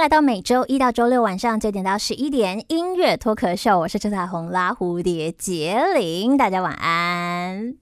來到每周一到周六晚上九點到十一點音樂脫口秀，我是赤彩虹拉蝴蝶結婕鈴，大家晚安。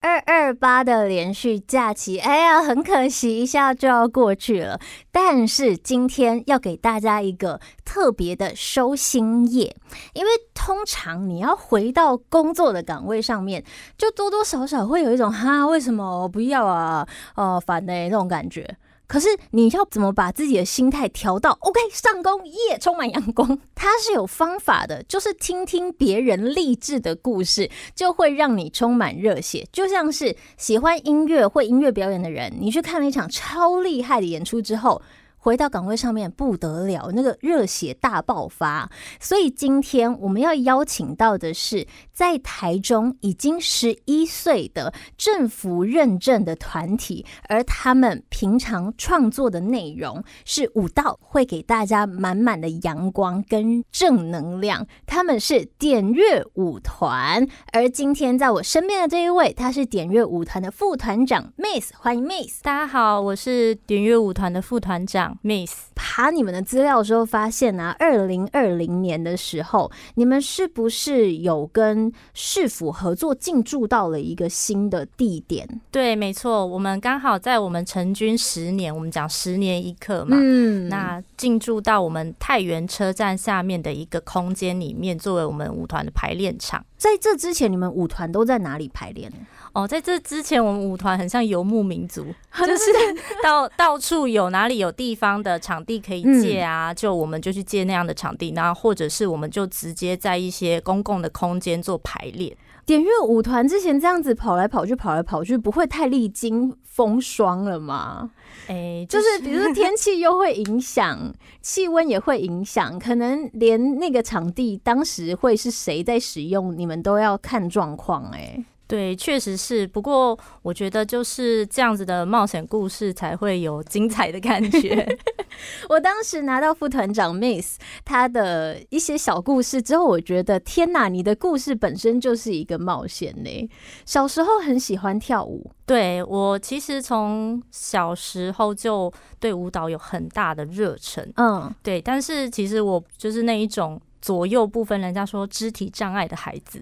二二八的連續假期，哎呀，很可惜一下就要過去了。但是今天要給大家一個特別的收心夜，因為通常你要回到工作的崗位上面，就多多少少會有一種哈，為什麼我不要啊？哦、呃，煩呢、欸，那種感覺。可是你要怎麼把自己的心態調到 OK 上工耶，yeah, 充滿陽光？它是有方法的，就是聽聽別人勵志的故事，就會讓你充滿熱血。就像是喜歡音樂、會音樂表演的人，你去看了一場超厲害的演出之後，回到崗位上面不得了，那個熱血大爆發。所以今天我們要邀請到的是在台中已經十一歲的政府認證的團體，而他們平常創作的內容是舞蹈，會給大家滿滿的陽光跟正能量。他們是典躍舞團，而今天在我身邊的這一位，他是典躍舞團的副團長 Miss，歡迎 Miss，大家好，我是典躍舞團的副團長。Miss，爬你們的資料的時候發現啊，二零二零年的時候，你們是不是有跟市府合作進駐到了一個新的地點？對，沒錯，我們剛好在我們成軍十年，我們講十年一刻嘛，嗯，那進駐到我們太原車站下面的一個空間裡面，作為我們舞團的排練場。在這之前，你們舞團都在哪裡排練呢？哦，在這之前，我們舞團很像游牧民族，就是 到到處有哪裡有地方的場地可以借啊，嗯、就我們就去借那樣的場地，那或者是我們就直接在一些公共的空間做排練。典躍舞團之前這樣子跑來跑去，跑來跑去，不會太歷經風霜了嗎？哎、欸就是，就是比如天氣又會影響，氣 溫也會影響，可能連那個場地當時會是誰在使用，你們都要看狀況哎。對，確實是。不過我覺得就是這樣子的冒險故事才會有精彩的感覺。 我當時拿到副團長 Miss 他的一些小故事之後，我覺得天哪，你的故事本身就是一個冒險呢。小時候很喜歡跳舞，對，我其實從小時候就對舞蹈有很大的熱忱。嗯，對，但是其實我就是那一種左右不分，人家說肢體障礙的孩子。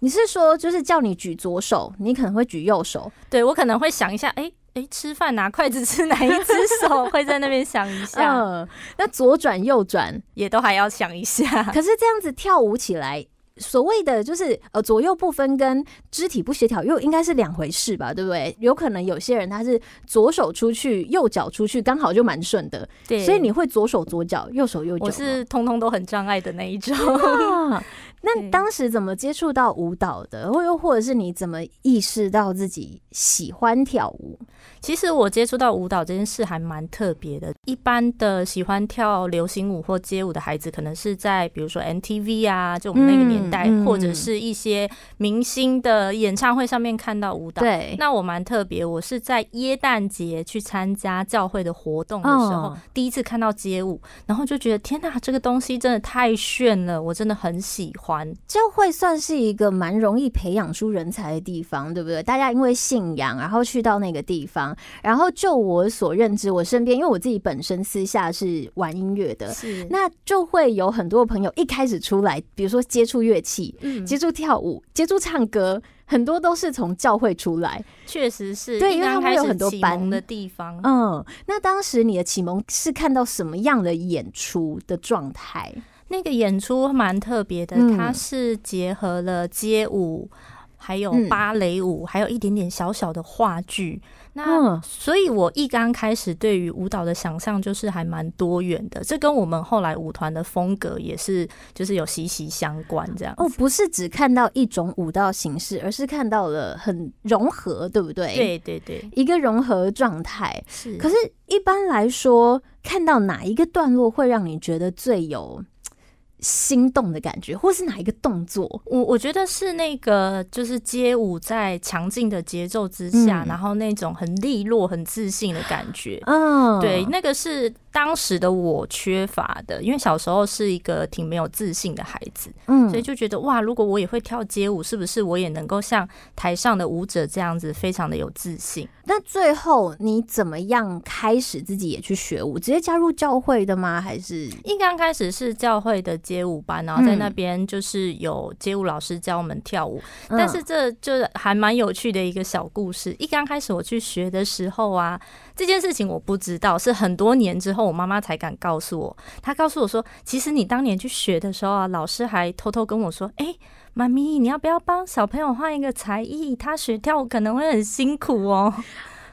你是說，就是叫你舉左手，你可能會舉右手。對，我可能會想一下，哎、欸、哎、欸，吃飯拿、啊、筷子吃哪一隻手 會在那邊想一下。嗯，那左轉右轉也都還要想一下。可是這樣子跳舞起來，所謂的就是呃左右不分跟肢體不協調又應該是兩回事吧，對不對？有可能有些人他是左手出去，右腳出去，剛好就蠻順的。對，所以你會左手左腳，右手右腳，我是通通都很障礙的那一種。啊那當時怎麼接觸到舞蹈的？或又或者是你怎麼意識到自己喜歡跳舞？嗯、其實我接觸到舞蹈這件事還蠻特別的。一般的喜歡跳流行舞或街舞的孩子，可能是在比如說 MTV 啊，就我們那個年代、嗯，或者是一些明星的演唱會上面看到舞蹈。對。那我蠻特別，我是在耶誕節去參加教會的活動的時候、哦，第一次看到街舞，然後就覺得天哪、啊，這個東西真的太炫了，我真的很喜歡。教會算是一個蠻容易培養出人才的地方，對不對？大家因為信仰，然後去到那個地方，然後就我所認知，我身邊，因為我自己本身私下是玩音樂的，是那就會有很多朋友一開始出來，比如說接觸樂器、嗯，接觸跳舞，接觸唱歌，很多都是從教會出來。確實是，對，因為他們有很多班的地方。嗯，那當時你的啟蒙是看到什麼樣的演出的狀態？那個演出蠻特別的，它是結合了街舞，嗯、還有芭蕾舞、嗯，還有一點點小小的話劇、嗯。那所以，我一剛開始對於舞蹈的想象就是還蠻多元的。這跟我們後來舞團的風格也是，就是有息息相關這樣。哦，不是只看到一種舞蹈形式，而是看到了很融合，對不對？對對對，一個融合狀態。是。可是一般來說，看到哪一個段落會讓你覺得最有？心動的感覺，或是哪一個動作？我我覺得是那個，就是街舞在強勁的節奏之下，嗯，然後那種很利落、很自信的感覺。嗯，對，那個是，當時的我缺乏的，因為小時候是一個挺沒有自信的孩子，嗯，所以就覺得哇，如果我也會跳街舞，是不是我也能夠像台上的舞者這樣子，非常的有自信？那最後你怎麼樣開始自己也去學舞？直接加入教會的嗎？還是一剛開始是教會的街舞班，然後在那邊就是有街舞老師教我們跳舞。嗯、但是這就是還蠻有趣的一個小故事。嗯、一剛開始我去學的時候啊，這件事情我不知道，是很多年之後。我媽媽才敢告訴我，她告訴我說，其實你當年去學的時候啊，老師還偷偷跟我說，哎、欸，媽咪，你要不要幫小朋友換一個才藝？她學跳舞可能會很辛苦哦。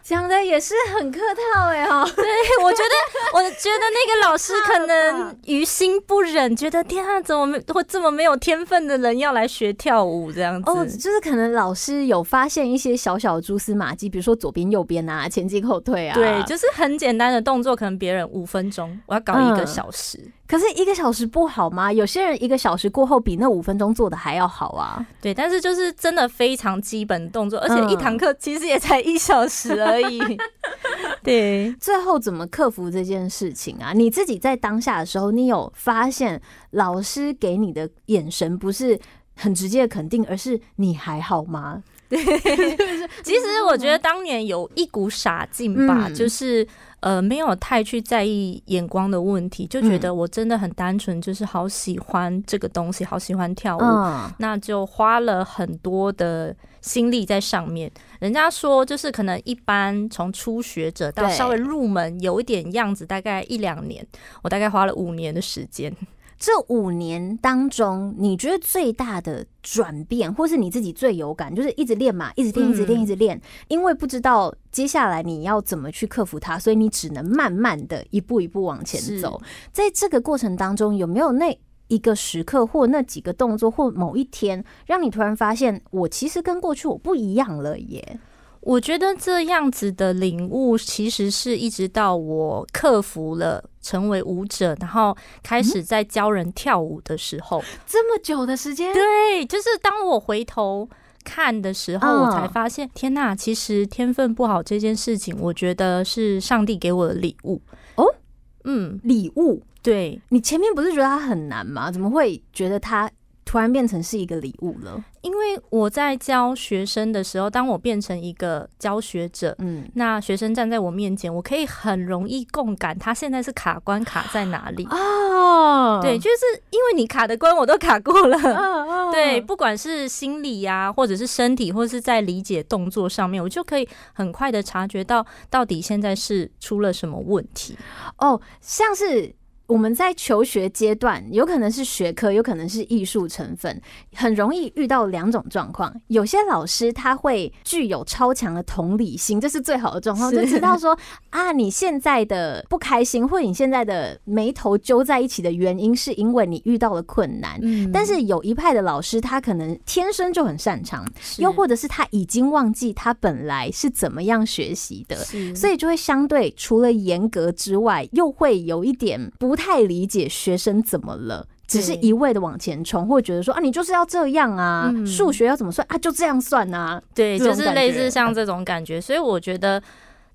講的也是很客套哎、欸、哈、哦，對我覺得， 我覺得那個老師可能於心不忍，覺得天啊，怎麼會這麼沒有天分的人要來學跳舞這樣子？哦，就是可能老師有發現一些小小的蛛絲馬跡，比如說左邊右邊啊，前進後退啊，對，就是很簡單的動作，可能別人五分鐘，我要搞一個小時。嗯可是一個小時不好嗎？有些人一個小時過後比那五分鐘做的還要好啊。對，但是就是真的非常基本的動作，而且一堂課其實也才一小時而已。嗯、 對，最後怎麼克服這件事情啊？你自己在當下的時候，你有發現老師給你的眼神不是很直接的肯定，而是你還好嗎？對， 其實我覺得當年有一股傻勁吧、嗯，就是呃，沒有太去在意眼光的問題，就覺得我真的很單純，就是好喜歡這個東西，好喜歡跳舞、嗯，那就花了很多的心力在上面。人家說就是可能一般從初學者到稍微入門有一點樣子，大概一兩年，我大概花了五年的時間。這五年當中，你覺得最大的轉變，或是你自己最有感，就是一直練嘛，一直練，一直練，一直練，一直練。因為不知道接下來你要怎麼去克服它，所以你只能慢慢的一步一步往前走。在這個過程當中，有沒有那一個時刻，或那幾個動作，或某一天，讓你突然發現，我其實跟過去我不一樣了耶？也。我覺得這樣子的領悟，其實是一直到我克服了成為舞者，然後開始在教人跳舞的時候，嗯、這麼久的時間，對，就是當我回頭看的時候，我才發現，哦、天吶、啊，其實天分不好這件事情，我覺得是上帝給我的禮物哦，嗯，禮物，對，你前面不是覺得它很難嗎？怎麼會覺得它？關變成是一個禮物了，因為我在教學生的時候，當我變成一個教學者，嗯，那學生站在我面前，我可以很容易共感他現在是卡關卡在哪裡哦，對，就是因為你卡的關，我都卡過了，哦哦哦，對，不管是心理呀、啊，或者是身體，或者是在理解動作上面，我就可以很快的察覺到到底現在是出了什麼問題哦，像是。我們在求學階段，有可能是學科，有可能是藝術成分，很容易遇到兩種狀況。有些老師他會具有超強的同理心，這是最好的狀況，就知道說啊，你現在的不開心，或你現在的眉頭揪在一起的原因，是因為你遇到了困難。嗯、但是有一派的老師，他可能天生就很擅長，又或者是他已經忘記他本來是怎麼樣學習的，所以就會相對除了嚴格之外，又會有一點不。不太理解學生怎麼了，只是一味的往前衝，或覺得說啊，你就是要這樣啊，數、嗯、學要怎麼算啊，就這樣算啊，對，就是類似像這種感覺、啊。所以我覺得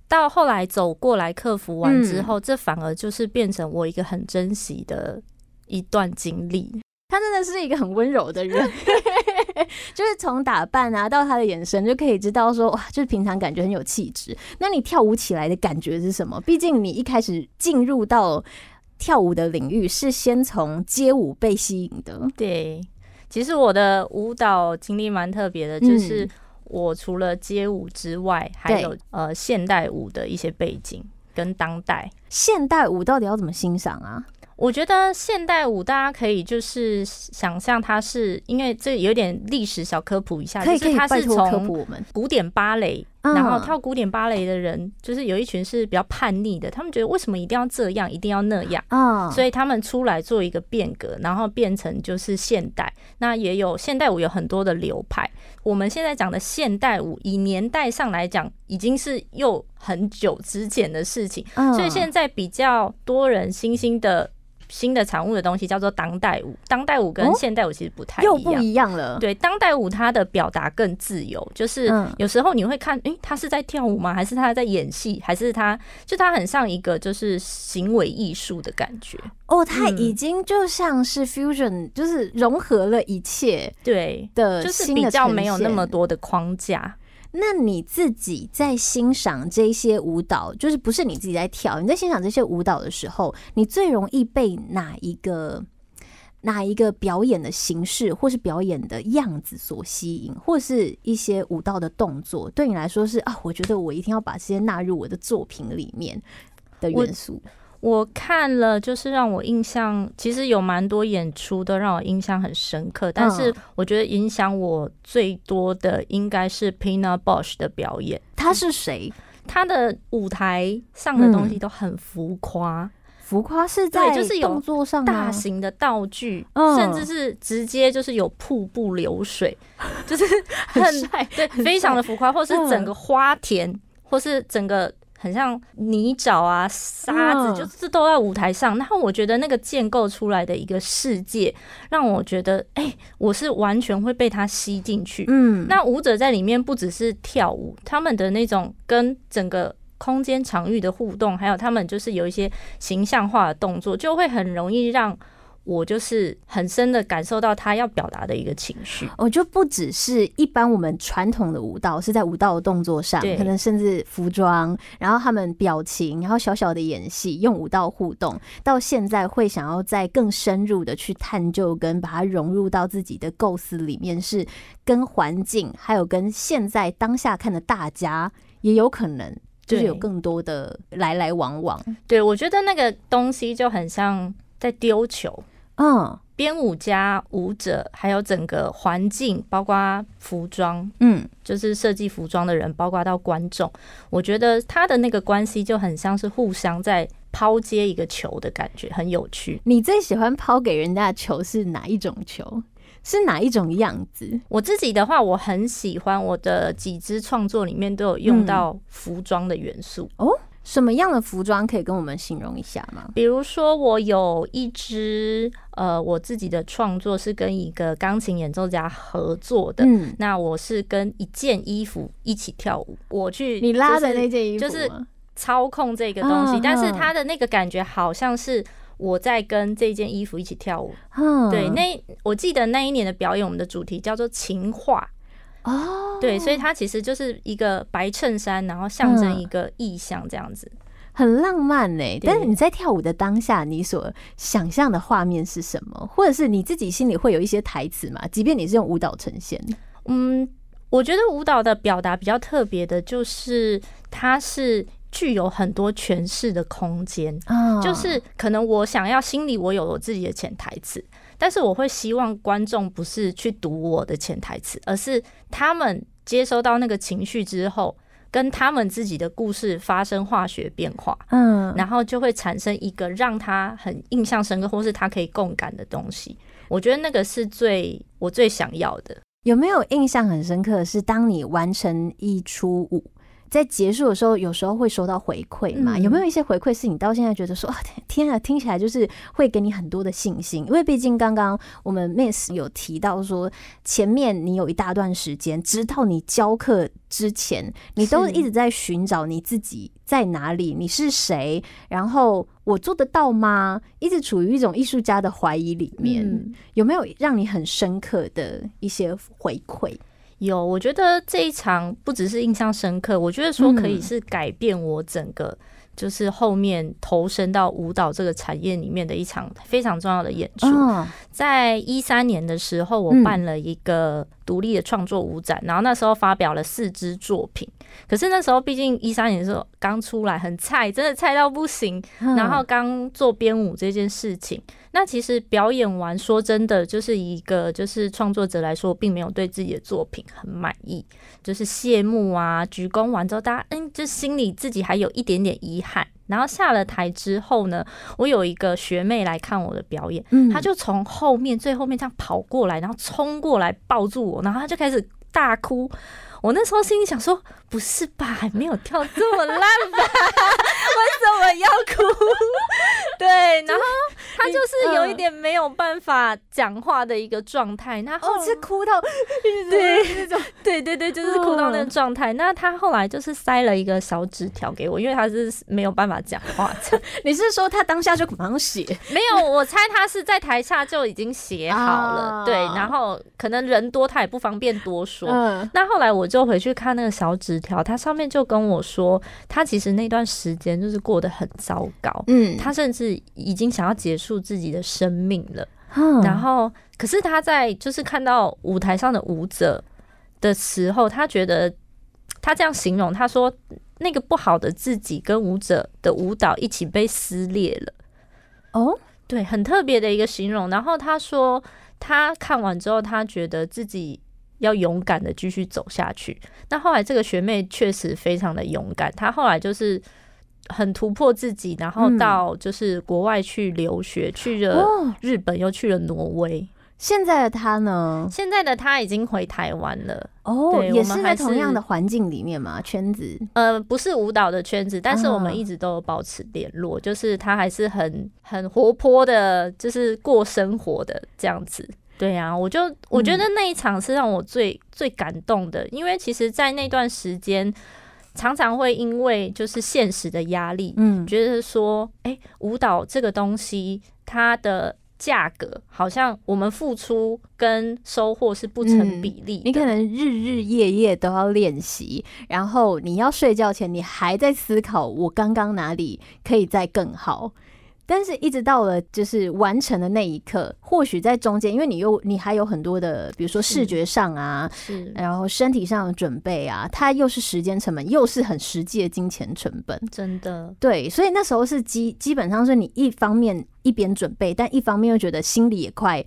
到後來走過來，克服完之後、嗯，這反而就是變成我一個很珍惜的一段經歷。他真的是一個很溫柔的人， 就是從打扮啊到他的眼神，就可以知道說哇，就是平常感覺很有氣質。那你跳舞起來的感覺是什麼？畢竟你一開始進入到。跳舞的領域是先從街舞被吸引的。對，其實我的舞蹈經歷蠻特別的、嗯，就是我除了街舞之外，還有呃現代舞的一些背景跟當代。現代舞到底要怎麼欣賞啊？我覺得現代舞大家可以就是想象它是，因為這有點歷史小科普一下，可以，可以，拜託科普我們。就是它是從古典芭蕾。然後跳古典芭蕾的人，uh, 就是有一群是比較叛逆的，他們覺得為什麼一定要這樣，一定要那樣，uh, 所以他們出來做一個變革，然後變成就是現代。那也有現代舞有很多的流派，我們現在講的現代舞，以年代上來講，已經是又很久之前的事情，uh, 所以現在比較多人新興的新的產物的東西叫做當代舞，當代舞跟現代舞其實不太一樣，哦、又不一樣了。對，當代舞它的表達更自由，就是有時候你會看，哎、嗯，他、欸、是在跳舞嗎？還是他在演戲？還是他就他很像一個就是行為藝術的感覺？哦，他已經就像是 fusion，、嗯、就是融合了一切的新的呈現，對的，就是比較沒有那麼多的框架。那你自己在欣賞這些舞蹈，就是不是你自己在跳？你在欣賞這些舞蹈的時候，你最容易被哪一個哪一個表演的形式，或是表演的樣子所吸引，或是一些舞蹈的動作，對你來說是啊，我覺得我一定要把這些納入我的作品裡面的元素。我看了，就是讓我印象，其實有蠻多演出都讓我印象很深刻，嗯、但是我覺得影響我最多的應該是 Pina Bausch 的表演。他是誰？他的舞台上的東西都很浮誇，浮誇是在就是有動作上大型的道具、嗯，甚至是直接就是有瀑布流水，嗯、就是很，很帥，對，很帥，非常的浮誇，或是整個花田，嗯、或是整個。很像泥沼啊，沙子，就是都在舞台上。然、oh. 後我覺得那個建構出來的一個世界，讓我覺得，哎、欸，我是完全會被它吸進去。嗯、oh.，那舞者在裡面不只是跳舞，他們的那種跟整個空間場域的互動，還有他們就是有一些形象化的動作，就會很容易讓。我就是很深的感受到他要表達的一個情緒，我就不只是一般我們傳統的舞蹈是在舞蹈的動作上，對，可能甚至服裝，然後他們表情，然後小小的演戲，用舞蹈互動。到現在會想要再更深入的去探究，跟把它融入到自己的構思裡面，是跟環境，還有跟現在當下看的大家，也有可能就是有更多的來來往往。對，對，我覺得那個東西就很像在丟球。嗯，編舞家、舞者，還有整個環境，包括服裝，嗯，就是設計服裝的人，包括到觀眾，我覺得他的那個關係就很像是互相在拋接一個球的感覺，很有趣。你最喜歡拋給人家的球是哪一種球？是哪一種樣子？我自己的話，我很喜歡我的幾支創作裡面都有用到服裝的元素，嗯，哦。什麼樣的服裝可以跟我們形容一下嗎？比如說，我有一支呃，我自己的創作是跟一個鋼琴演奏家合作的，嗯。那我是跟一件衣服一起跳舞。我去，就是，你拉的那件衣服就是操控這個東西，嗯，但是它的那個感覺好像是我在跟這件衣服一起跳舞。嗯、對，那我記得那一年的表演，我們的主題叫做“情話”。哦、oh，對，所以它其實就是一個白襯衫，然後象徵一個意象，這樣子。嗯、很浪漫呢、欸。但是你在跳舞的當下，你所想象的畫面是什麼？或者是你自己心裡會有一些台詞嗎？即便你是用舞蹈呈現，嗯，我覺得舞蹈的表達比較特別的，就是它是具有很多詮釋的空間啊，oh. 就是可能我想要心裡我有我自己的潛台詞。但是我會希望觀眾不是去讀我的潛台詞，而是他們接收到那個情緒之後，跟他們自己的故事發生化學變化，嗯，然後就會產生一個讓他很印象深刻，或是他可以共感的東西。我覺得那個是最我最想要的。有沒有印象很深刻？是當你完成一出舞？在結束的時候，有時候會收到回饋嘛？有沒有一些回饋是你到現在覺得說，天啊，聽起來就是會給你很多的信心？因為畢竟剛剛我們 Miss 有提到說，前面你有一大段時間，直到你教課之前，你都一直在尋找你自己在哪裡，你是誰，然後我做得到嗎？一直處於一種藝術家的懷疑裡面，有沒有讓你很深刻的一些回饋？有，我覺得這一場不只是印象深刻，我覺得說可以是改變我整個，就是後面投身到舞蹈這個產業裡面的一場非常重要的演出。在一三年的時候，我辦了一個。獨立的創作舞展，然後那時候發表了四支作品，可是那時候畢竟一三年的時候剛出來，很菜，真的菜到不行。然後剛做編舞這件事情，那其實表演完，說真的，就是一個就是創作者來說，並沒有對自己的作品很滿意，就是謝幕啊，鞠躬完之後，大家嗯，就心裡自己還有一點點遺憾。然後下了台之後呢，我有一個學妹來看我的表演，嗯，她就從後面最後面這樣跑過來，然後衝過來抱住我，然後她就開始大哭。我那時候心裡想說，不是吧，還沒有跳這麼爛吧？為 什麼要哭？ 對，然後他就是有一點沒有辦法講話的一個狀態，他後、哦、是哭到那種、對對對對對，就是哭到那個狀態、嗯。那他後來就是塞了一個小紙條給我，因為他是沒有辦法講話。 你是說他當下就忙寫？沒有，我猜他是在台下就已經寫好了、啊。對，然後可能人多，他也不方便多說。嗯、那後來我。就回去看那個小紙條，他上面就跟我說，他其實那段時間就是過得很糟糕，嗯，他甚至已經想要結束自己的生命了，嗯，然後可是他在就是看到舞台上的舞者的時候，他覺得他這樣形容，他說那個不好的自己跟舞者的舞蹈一起被撕裂了，哦，對，很特別的一個形容。然後他說他看完之後，他覺得自己。要勇敢的繼續走下去。那後來這個學妹確實非常的勇敢，她後來就是很突破自己，然後到就是國外去留學，嗯、去了日本、哦，又去了挪威。現在的她呢？現在的她已經回台灣了。哦對我們還，也是在同樣的環境裡面嘛，圈子。呃，不是舞蹈的圈子，但是我們一直都保持聯絡、嗯。就是她還是很很活潑的，就是過生活的這樣子。對呀、啊，我就我覺得那一場是讓我最、嗯、最感動的，因為其實，在那段時間，常常會因為就是現實的壓力，嗯，覺得說，哎，舞蹈這個東西，它的價格好像我們付出跟收穫是不成比例，嗯。你可能日日夜夜都要練習，然後你要睡覺前，你還在思考我剛剛哪裡可以再更好。但是，一直到了就是完成的那一刻，或許在中間，因為你又你還有很多的，比如說視覺上啊，是是然後身體上的準備啊，它又是時間成本，又是很實際的金錢成本，真的對。所以那時候是基基本上是你一方面一邊準備，但一方面又覺得心裡也快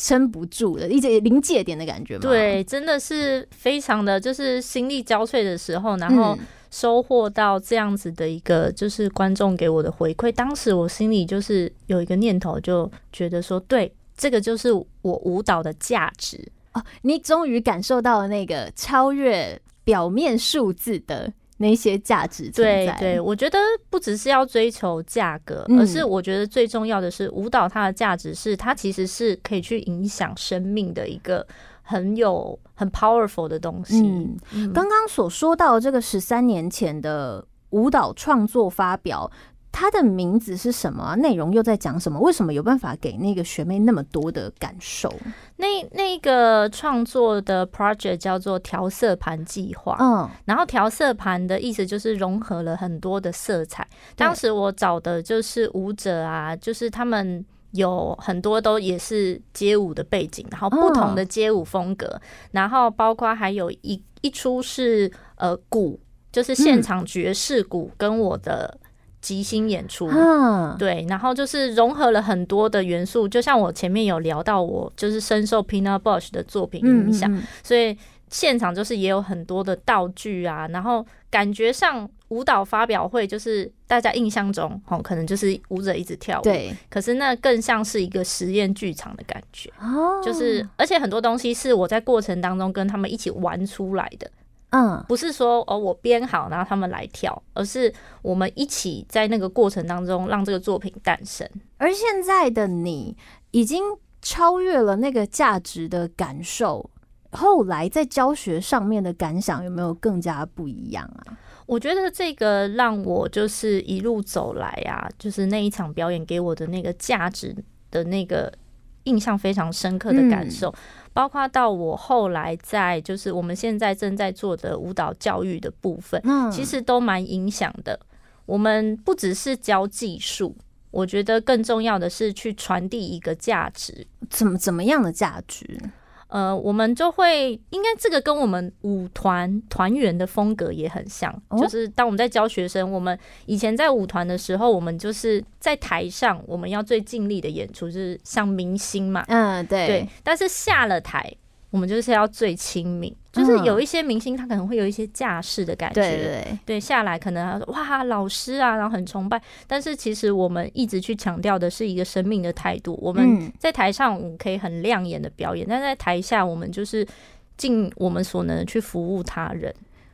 撐不住了，一直臨界點的感覺嘛，對，真的是非常的就是心力交瘁的時候，然後、嗯。收穫到這樣子的一個就是觀眾給我的回饋，當時我心裡就是有一個念頭，就覺得說，對，這個就是我舞蹈的價值哦。你終於感受到了那個超越表面數字的那些價值存在。對對，我覺得不只是要追求價格，而是我覺得最重要的是舞蹈它的價值是它其實是可以去影響生命的一個。很有很 powerful 的東西，嗯。嗯、剛剛所說到這個十三年前的舞蹈創作發表，它的名字是什麼啊？內容又在講什麼？為什麼有辦法給那個學妹那麼多的感受？那那個創作的 project 叫做調色盤計劃。嗯，然後調色盤的意思就是融合了很多的色彩。當時我找的就是舞者啊，就是他們。有很多都也是街舞的背景，然後不同的街舞風格，哦、然後包括還有一一出是呃鼓，就是現場爵士鼓跟我的即興演出，嗯，對，然後就是融合了很多的元素，就像我前面有聊到，我就是深受 Pina Bausch 的作品影響，嗯嗯嗯、所以。現場就是也有很多的道具啊，然後感覺上舞蹈發表會就是大家印象中哦，可能就是舞者一直跳舞。對，可是那更像是一個實驗劇場的感覺，哦，就是而且很多東西是我在過程當中跟他們一起玩出來的。嗯，不是說哦我編好然後他們來跳，而是我們一起在那個過程當中讓這個作品誕生。而現在的你已經超越了那個價值的感受。後來在教學上面的感想有沒有更加不一樣啊？我覺得這個讓我就是一路走來啊，就是那一場表演給我的那個價值的那個印象非常深刻的感受，嗯、包括到我後來在就是我們現在正在做的舞蹈教育的部分，嗯、其實都蠻影響的。我們不只是教技術，我覺得更重要的是去傳遞一個價值。怎麼怎麼樣的價值？呃，我們就會，應該這個跟我們舞團團員的風格也很像，哦，就是當我們在教學生，我們以前在舞團的時候，我們就是在台上，我們要最盡力的演出，就是像明星嘛。嗯，對。對，但是下了台。我們就是要最親民，就是有一些明星他可能會有一些架勢的感覺，嗯、對對對，下來可能他說哇老師啊，然後很崇拜，但是其實我們一直去強調的是一個生命的態度。我們在台上我們可以很亮眼的表演，嗯，但在台下我們就是盡我們所能去服務他人。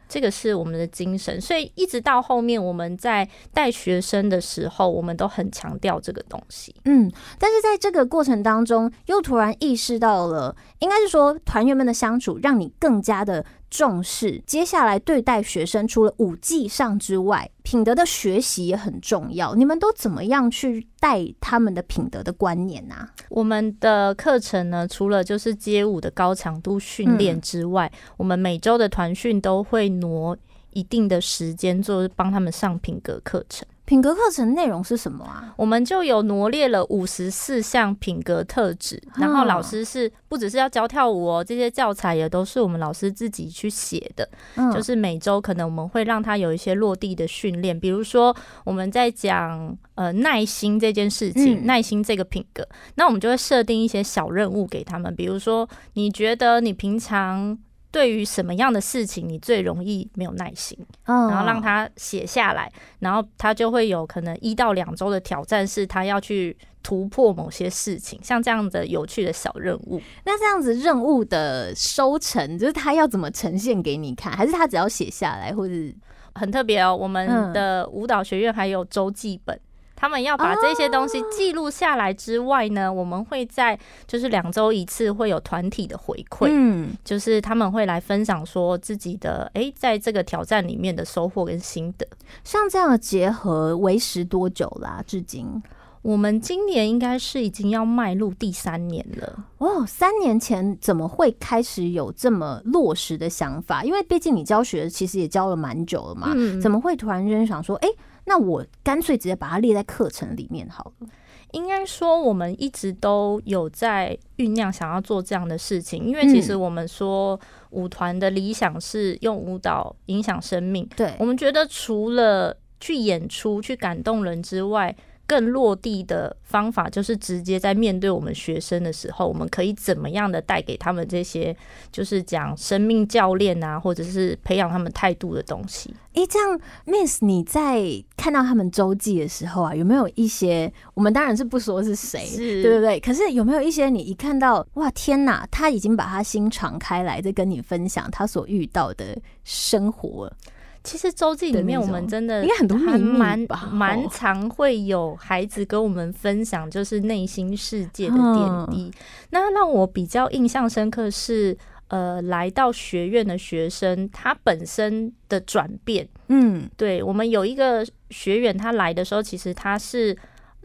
這個是我們的精神，所以一直到後面我們在帶學生的時候，我們都很強調這個東西。嗯，但是在這個過程當中，又突然意識到了，應該是說團員們的相處，讓你更加的。重視接下來對待學生，除了舞技上之外，品德的學習也很重要。你們都怎麼樣去帶他們的品德的觀念呢、啊？我們的課程呢，除了就是街舞的高強度訓練之外、嗯，我們每周的團訓都會挪一定的時間，做幫他們上品格課程。品格課程內容是什麼啊？我們就有羅列了五十四項品格特質，然後老師是不只是要教跳舞哦，嗯、這些教材也都是我們老師自己去寫的、嗯，就是每週可能我們會讓他有一些落地的訓練，比如說我們在講呃耐心這件事情、嗯，耐心這個品格，那我們就會設定一些小任務給他們，比如說你覺得你平常。對於什麼樣的事情，你最容易沒有耐心？哦，然後讓他寫下來，然後他就會有可能一到兩周的挑戰，是他要去突破某些事情，像這樣的有趣的小任務。那這樣子任務的收成，就是他要怎麼呈現給你看？還是他只要寫下來？或者很特別哦，我們的舞蹈學院還有周記本。嗯他們要把這些東西記錄下來之外呢、哦，我們會在就是兩週一次會有團體的回饋，嗯，就是他們會來分享說自己的誒、欸，在這個挑戰裡面的收穫跟心得。像這樣的結合維持多久啦、啊？至今我們今年應該是已經要邁入第三年了哦。三年前怎麼會開始有這麼落實的想法？因為畢竟你教學其實也教了蠻久了嘛，嗯、怎麼會突然間想說誒。欸那我乾脆直接把它列在課程裡面好了。應該說，我們一直都有在醞釀想要做這樣的事情，因為其實我們說舞團的理想是用舞蹈影響生命。對。嗯，我們覺得，除了去演出去感動人之外，更落地的方法，就是直接在面對我們學生的時候，我們可以怎麼樣的帶給他們這些，就是講生命教練啊，或者是培養他們態度的東西。哎，這樣，Miss，你在看到他們周記的時候啊，有沒有一些，我們當然是不說是誰，對，對不對？可是有沒有一些你一看到，哇，天哪，他已經把他心敞開來，在跟你分享他所遇到的生活。其實週記裡面，我們真的也很多秘密，蠻蠻常會有孩子跟我們分享，就是內心世界的點滴。嗯。那讓我比較印象深刻是，呃，來到學院的學生他本身的轉變，嗯，對，我們有一個學員他來的時候，其實他是。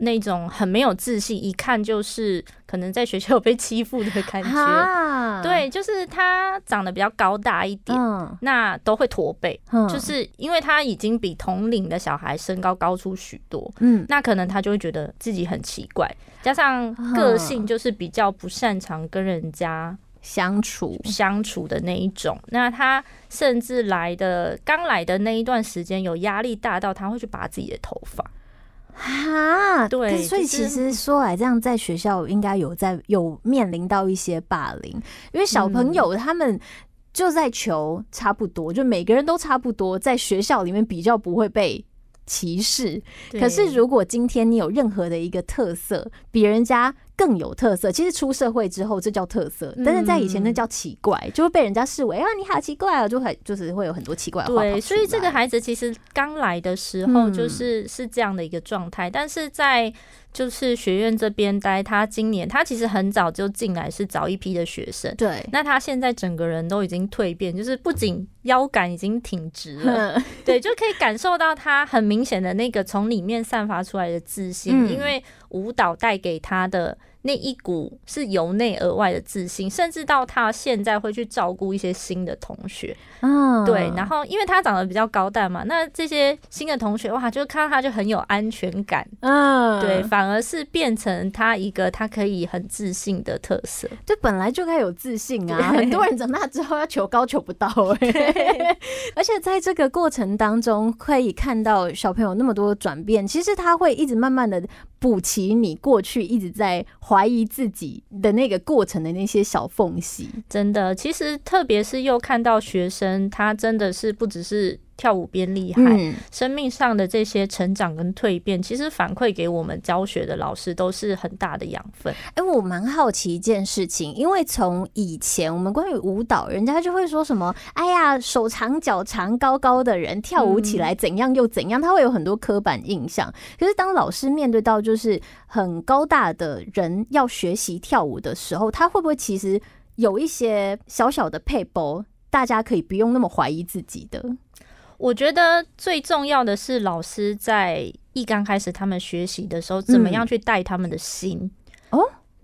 那種很沒有自信，一看就是可能在學校被欺負的感覺。對，就是他長得比較高大一點，嗯、那都會駝背，嗯、就是因為他已經比同齡的小孩身高高出許多。嗯、那可能他就會覺得自己很奇怪，加上個性就是比較不擅長跟人家相處相處的那一種。那他甚至來的剛來的那一段時間，有壓力大到他會去拔自己的頭髮。啊，對，所以其實說來這樣，在學校應該有在有面臨到一些霸凌，因為小朋友他們就在求差不多，嗯、就每個人都差不多，在學校裡面比較不會被歧視。可是如果今天你有任何的一個特色，比人家。更有特色。其實出社會之後，這叫特色，但是在以前那叫奇怪，嗯、就會被人家視為“啊、哎。你好奇怪啊！”就很就是會有很多奇怪的話。對，所以這個孩子其實剛來的時候，就是、嗯、是這樣的一個狀態。但是在就是學院這邊待，他今年他其實很早就進來，是早一批的學生。對。那他現在整個人都已經蛻變，就是不僅腰桿已經挺直了，呵呵呵對，就可以感受到他很明顯的那個從裡面散發出來的自信，嗯、因為舞蹈帶給他的。那一股是由內而外的自信，甚至到他現在會去照顧一些新的同學。嗯，對。然後，因為他長得比較高大嘛，那這些新的同學哇，就看到他就很有安全感。嗯，對，反而是變成他一個他可以很自信的特色。就本來就該有自信啊，很多人長大之後要求高求不到哎、欸。 而且在這個過程當中，可以看到小朋友那麼多的轉變，其實他會一直慢慢的。補齊你過去一直在懷疑自己的那個過程的那些小縫隙，真的。其實，特別是又看到學生，他真的是不只是，跳舞變厲害、嗯，生命上的這些成長跟蛻變，其實反饋給我們教學的老師都是很大的養分。哎、欸，我蠻好奇一件事情，因為從以前我們關於舞蹈，人家就會說什麼“哎呀，手長腳長高高的人跳舞起來怎樣又怎樣、嗯”，他會有很多刻板印象。可是當老師面對到就是很高大的人要學習跳舞的時候，他會不會其實有一些小小的撇步，大家可以不用那麼懷疑自己的？我覺得最重要的是，老師在一剛開始他們學習的時候，怎麼樣去帶他們的心？哦、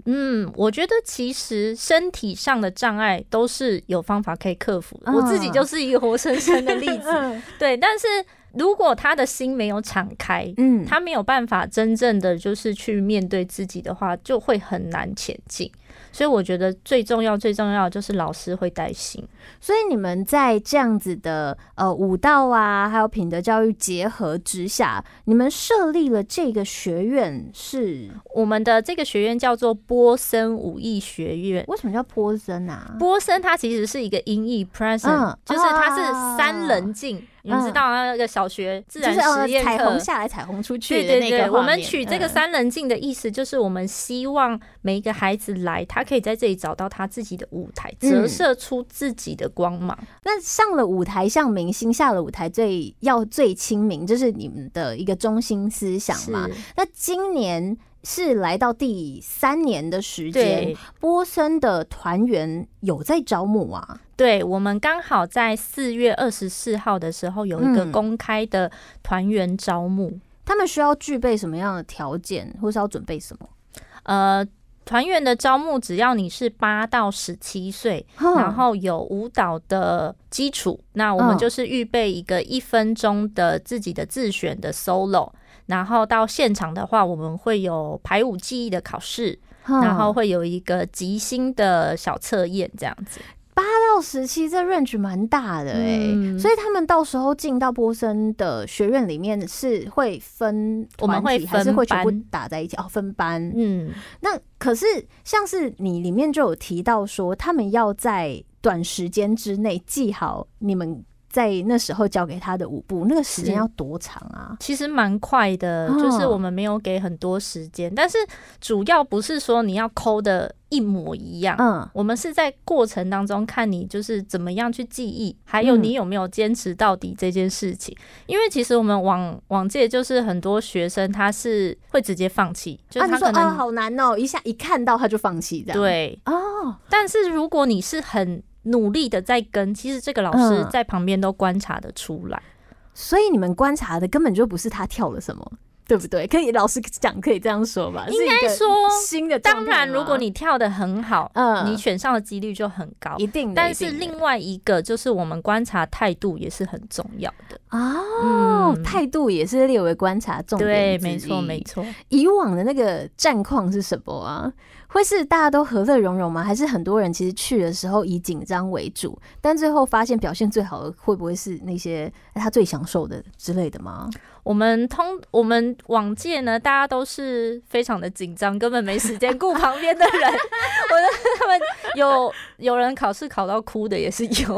嗯，嗯，我覺得其實身體上的障礙都是有方法可以克服的。的、哦。我自己就是一個活生生的例子， 對。但是如果他的心沒有敞開，嗯，他沒有辦法真正的就是去面對自己的話，就會很難前進。所以我覺得最重要、最重要就是老師會帶心。所以你們在這樣子的呃，舞蹈啊，還有品德教育結合之下，你們設立了這個學院，是我們的這個學院叫做波森舞藝學院。為什麼叫波森啊？波森它其實是一個音譯，present，、嗯、就是它是三棱鏡、嗯。你們知道那個小學自然實驗課、就是、彩虹下來彩虹出去，對對對，我們取這個三棱鏡的意思就是我們希望每一個孩子來。他可以在這裡找到他自己的舞台，折射出自己的光芒。嗯，那上了舞台像明星，下了舞台最要最親民，這就是你們的一個中心思想嘛？那今年是來到第三年的時間，波森的團員有在招募啊？對，我們剛好在四月二十四號的時候有一個公開的團員招募。嗯，他們需要具備什麼樣的條件，或是要準備什麼？呃。團員的招募，只要你是八到十七歲，然後有舞蹈的基礎，那我們就是預備一個一分鐘的自己的自選的 solo。然後到現場的話，我們會有排舞技藝的考試，然後會有一個即興的小測驗，這樣子。八到十七，這 range 蠻大的欸，嗯，所以他們到時候進到波森的學院裡面是會分，我們會還是會全部打在一起哦？分班。嗯，那可是像是你裡面就有提到說，他們要在短時間之內記好你們。在那時候教給他的舞步，那個時間要多長啊？其實蠻快的、嗯，就是我們沒有給很多時間，但是主要不是說你要摳的一模一樣，嗯，我們是在過程當中看你就是怎麼樣去記憶，還有你有沒有堅持到底這件事情。嗯、因為其實我們往往屆就是很多學生他是會直接放棄，就是他啊說啊、哦、好難哦，一下一看到他就放棄這樣，對哦。但是如果你是很努力的在跟，其實這個老師在旁邊都觀察的出來，嗯，所以你們觀察的根本就不是他跳了什麼。對不對？可以老實講，可以這樣說吧。應該說新的，當然，如果你跳得很好，嗯，你選上的幾率就很高，一定的，但是另外一個就是，我們觀察態度也是很重要的哦、嗯。態度也是列為觀察重點。對，沒錯，沒錯。以往的那個戰況是什麼啊？會是大家都和樂融融嗎？還是很多人其實去的時候以緊張為主，但最後發現表現最好的會不會是那些他最享受的之類的嗎？我們通，我們往屆呢，大家都是非常的緊張，根本沒時間顧旁邊的人。 我的他們有有人考試考到哭的也是有，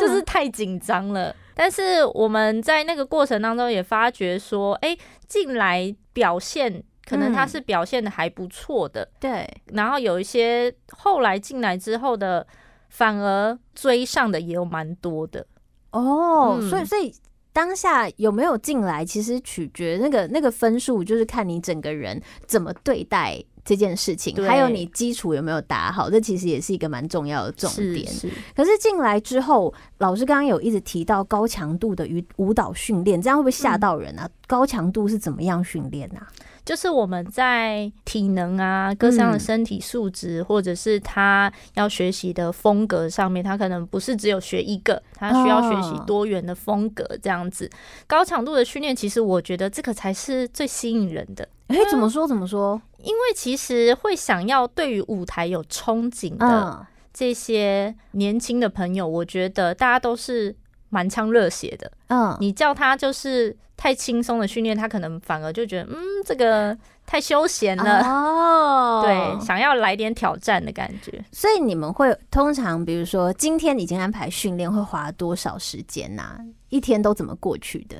就是太緊張了。但是我們在那個過程當中也發覺說，哎、欸，進來表現可能他是表現的還不錯的、嗯。對。然後有一些後來進來之後的，反而追上的也有蠻多的。哦，嗯、所以所以。當下有沒有進來，其實取決那個那個分數，就是看你整個人怎麼對待這件事情，還有你基礎有沒有打好，這其實也是一個蠻重要的重點。是是。可是進來之後，老師剛剛有一直提到高強度的舞舞蹈訓練，這樣會不會嚇到人啊？嗯。高強度是怎麼樣訓練呢？就是我們在體能啊，各項的身體素質，嗯，或者是他要學習的風格上面，他可能不是只有學一個，他需要學習多元的風格這樣子。哦，高強度的訓練，其實我覺得這個才是最吸引人的。哎，欸，怎麼說怎麼說？因為其實會想要對於舞台有憧憬的這些年輕的朋友，我覺得大家都是。滿腔熱血的，嗯，你叫他就是太輕鬆的訓練，他可能反而就覺得，嗯，這個太休閒了哦，對，想要來點挑戰的感覺。所以你們會通常，比如說今天已經安排訓練，會花多少時間啊？一天都怎麼過去的？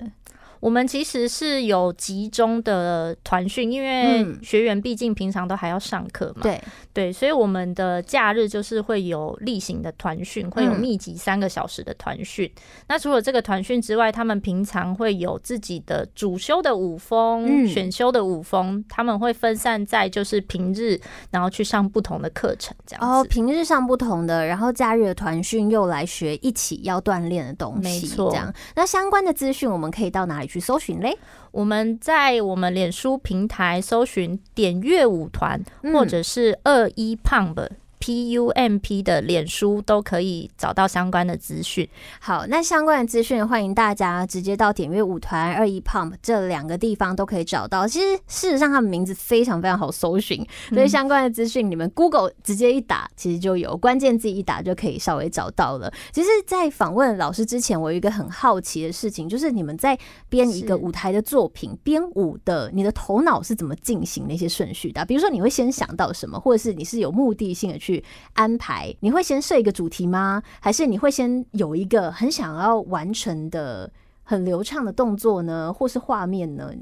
我們其實是有集中的團訓，因為學員畢竟平常都還要上課嘛，嗯、對對，所以我們的假日就是會有例行的團訓，會有密集三個小時的團訓。嗯、那除了這個團訓之外，他們平常會有自己的主修的舞風、嗯、選修的舞風，他們會分散在就是平日，然後去上不同的課程，這樣。哦，平日上不同的，然後假日的團訓又來學一起要鍛鍊的東西，沒錯，那相關的資訊我們可以到哪裡？去搜尋嘞，我們在我們臉書平台搜尋“典躍舞團”或者是“二一胖”的。P.U.M.P 的臉書都可以找到相關的資訊。好，那相關的資訊，歡迎大家直接到典躍舞團、二一 Pump 這兩個地方都可以找到。其實事實上，他們名字非常非常好搜尋，嗯，所以相關的資訊，你們 Google 直接一打，其實就有。關鍵字一打就可以稍微找到了。其實，在訪問老師之前，我有一個很好奇的事情，就是你們在編一個舞台的作品，編舞的，你的頭腦是怎麼進行那些順序的？比如說，你會先想到什麼，或者是你是有目的性的去？安排？你會先設一個主題嗎？還是你會先有一個很想要完成的、很流暢的動作呢？或是畫面呢？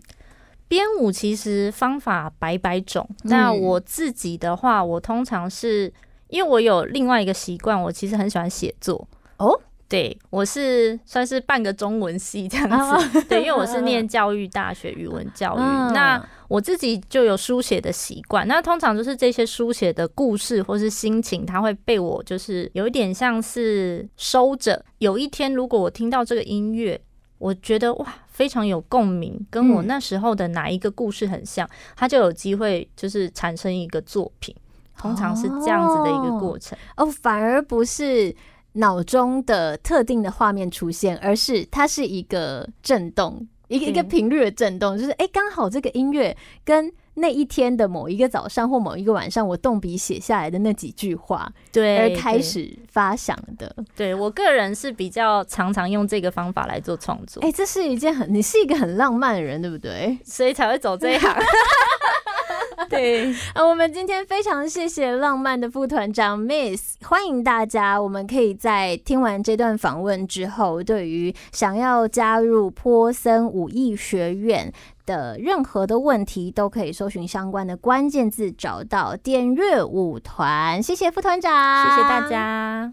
編舞其實方法百百種。那、嗯、我自己的話，我通常是因為我有另外一個習慣，我其實很喜歡寫作哦。對，我是算是半個中文系這樣子，oh, 對，因為我是念教育大學 語文教育，嗯、那我自己就有書寫的習慣，那通常就是這些書寫的故事或是心情，它會被我就是有一點像是收着，有一天如果我聽到這個音樂，我覺得哇非常有共鳴，跟我那時候的哪一個故事很像，嗯、它就有機會就是產生一個作品，通常是這樣子的一個過程哦，oh, oh, 反而不是。腦中的特定的畫面出現，而是它是一個震動，一個一個頻率的震動，嗯、就是哎，剛好這個音樂跟那一天的某一個早上或某一個晚上，我動筆寫下來的那幾句話，對，對而開始發想的。對我個人是比較常常用這個方法來做創作。哎、欸，這是一件很，你是一個很浪漫的人，對不對？所以才會走這一行。 對、 啊，我們今天非常謝謝浪漫的副團長 Miss，歡迎大家。我們可以在聽完這段訪問之後，對於想要加入波森武藝學院的任何的問題，都可以搜尋相關的關鍵字，找到典躍舞團。謝謝副團長，謝謝大家。